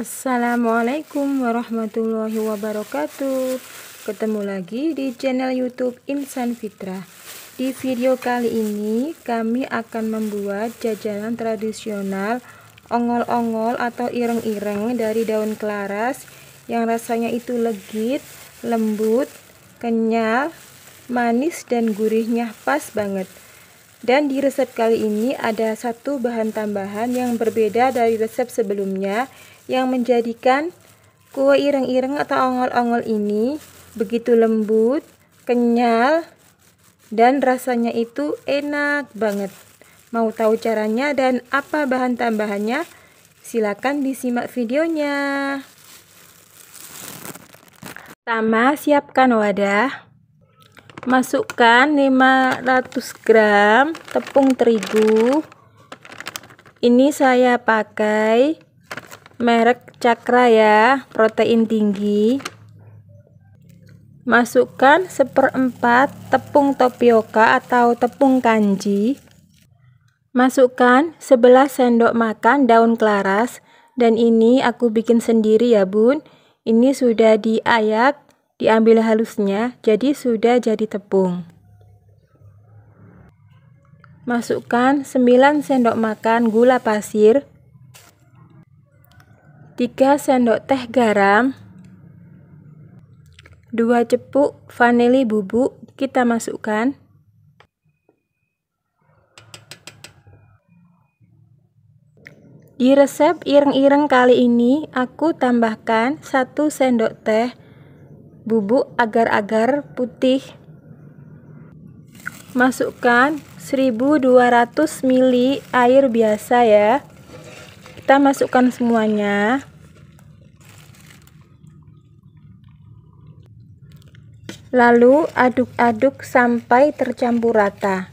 Assalamualaikum warahmatullahi wabarakatuh Ketemu lagi di channel youtube Insan Fitrah Di video kali ini kami akan membuat jajanan tradisional Ongol-ongol atau ireng-ireng dari daun kelaras Yang rasanya itu legit, lembut, kenyal, manis dan gurihnya pas banget dan di resep kali ini ada satu bahan tambahan yang berbeda dari resep sebelumnya yang menjadikan kue ireng-ireng atau ongol-ongol ini begitu lembut, kenyal, dan rasanya itu enak banget. Mau tahu caranya dan apa bahan tambahannya? Silakan disimak videonya. Pertama, siapkan wadah. Masukkan 500 gram tepung terigu. Ini saya pakai merek cakra ya protein tinggi masukkan seperempat tepung tapioka atau tepung kanji masukkan 11 sendok makan daun kelaras dan ini aku bikin sendiri ya bun ini sudah diayak diambil halusnya jadi sudah jadi tepung masukkan 9 sendok makan gula pasir 3 sendok teh garam, 2 cepuk vanili bubuk kita masukkan. Di resep ireng-ireng kali ini, aku tambahkan 1 sendok teh bubuk agar-agar putih. Masukkan 1200 ml air biasa ya kita masukkan semuanya lalu aduk-aduk sampai tercampur rata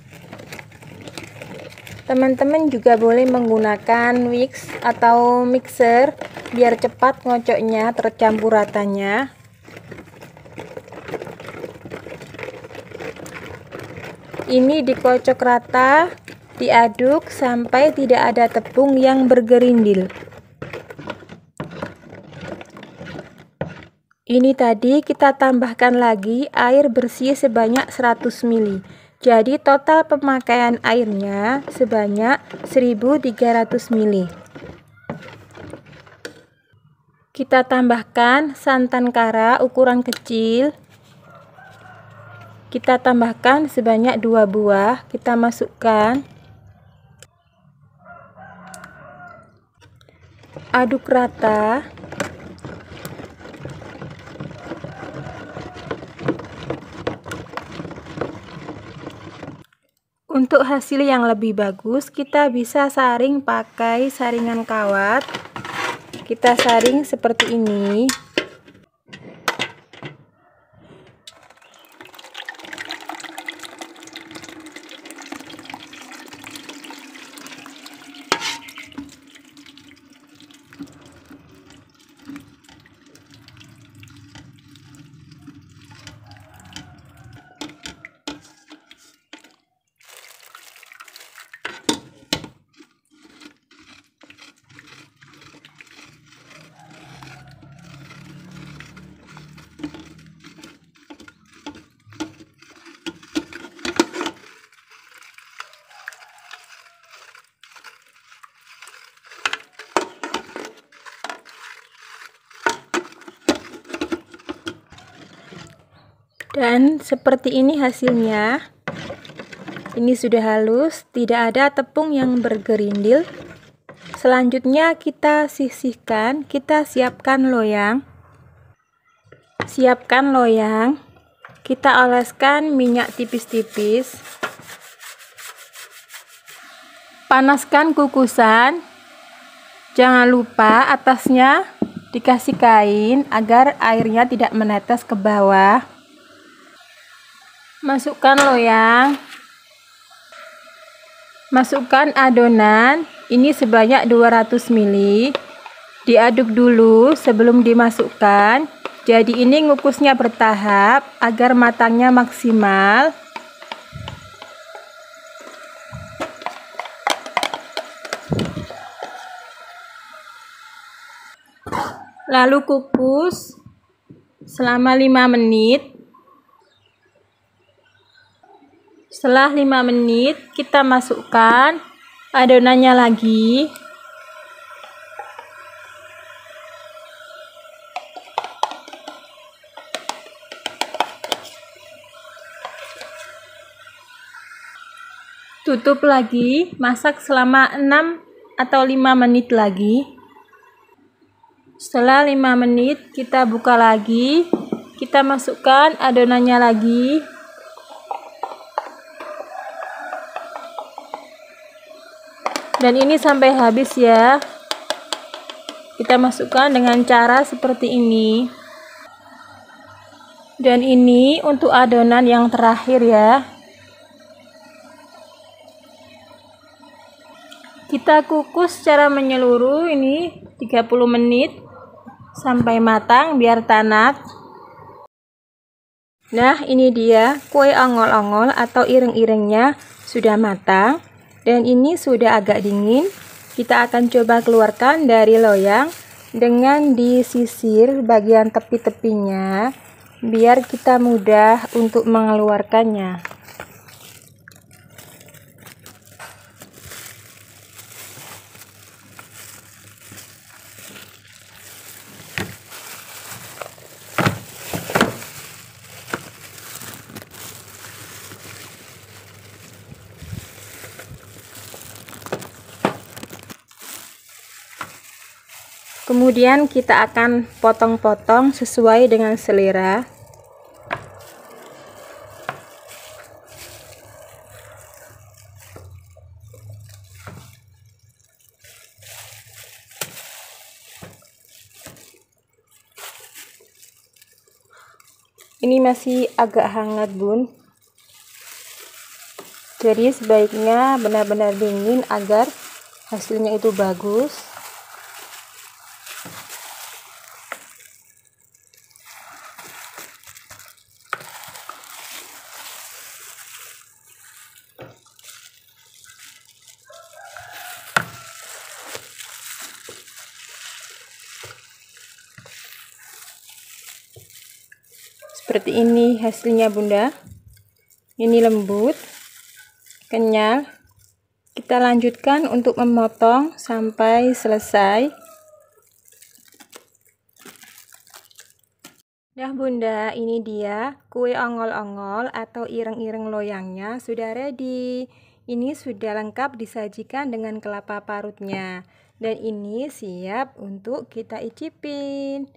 teman-teman juga boleh menggunakan mix atau mixer biar cepat ngocoknya tercampur ratanya ini dikocok rata Diaduk sampai tidak ada tepung yang bergerindil. Ini tadi kita tambahkan lagi air bersih sebanyak 100 ml. Jadi total pemakaian airnya sebanyak 1300 ml. Kita tambahkan santan kara ukuran kecil. Kita tambahkan sebanyak 2 buah, kita masukkan. aduk rata Untuk hasil yang lebih bagus, kita bisa saring pakai saringan kawat. Kita saring seperti ini. dan seperti ini hasilnya ini sudah halus tidak ada tepung yang bergerindil selanjutnya kita sisihkan kita siapkan loyang siapkan loyang kita oleskan minyak tipis-tipis panaskan kukusan jangan lupa atasnya dikasih kain agar airnya tidak menetes ke bawah masukkan loyang masukkan adonan ini sebanyak 200 ml diaduk dulu sebelum dimasukkan jadi ini ngukusnya bertahap agar matangnya maksimal lalu kukus selama 5 menit Setelah 5 menit, kita masukkan adonannya lagi. Tutup lagi, masak selama 6 atau 5 menit lagi. Setelah 5 menit, kita buka lagi. Kita masukkan adonannya lagi. dan ini sampai habis ya kita masukkan dengan cara seperti ini dan ini untuk adonan yang terakhir ya kita kukus secara menyeluruh ini 30 menit sampai matang biar tanak nah ini dia kue ongol-ongol atau ireng-irengnya sudah matang dan ini sudah agak dingin kita akan coba keluarkan dari loyang dengan disisir bagian tepi-tepinya biar kita mudah untuk mengeluarkannya kemudian kita akan potong-potong sesuai dengan selera ini masih agak hangat bun jadi sebaiknya benar-benar dingin agar hasilnya itu bagus seperti ini hasilnya bunda ini lembut kenyal kita lanjutkan untuk memotong sampai selesai Nah bunda ini dia kue ongol-ongol atau ireng-ireng loyangnya sudah ready ini sudah lengkap disajikan dengan kelapa parutnya dan ini siap untuk kita icipin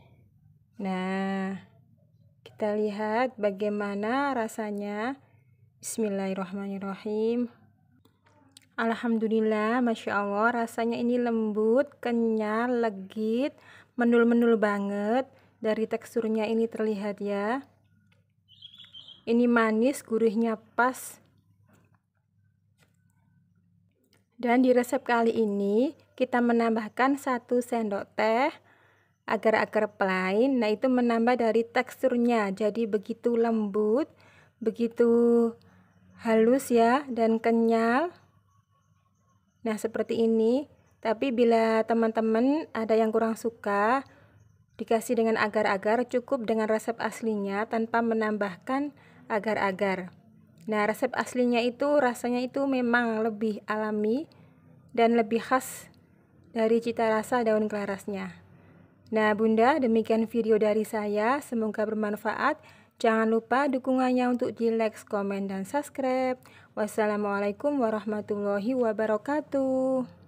nah kita lihat bagaimana rasanya. Bismillahirrahmanirrahim. Alhamdulillah, Masya Allah, rasanya ini lembut, kenyal, legit, menul-menul banget. Dari teksturnya ini terlihat ya. Ini manis, gurihnya pas. Dan di resep kali ini, kita menambahkan 1 sendok teh agar-agar plain. Nah, itu menambah dari teksturnya. Jadi begitu lembut, begitu halus ya dan kenyal. Nah, seperti ini. Tapi bila teman-teman ada yang kurang suka, dikasih dengan agar-agar cukup dengan resep aslinya tanpa menambahkan agar-agar. Nah, resep aslinya itu rasanya itu memang lebih alami dan lebih khas dari cita rasa daun kelarasnya. Nah bunda demikian video dari saya, semoga bermanfaat. Jangan lupa dukungannya untuk di like, komen, dan subscribe. Wassalamualaikum warahmatullahi wabarakatuh.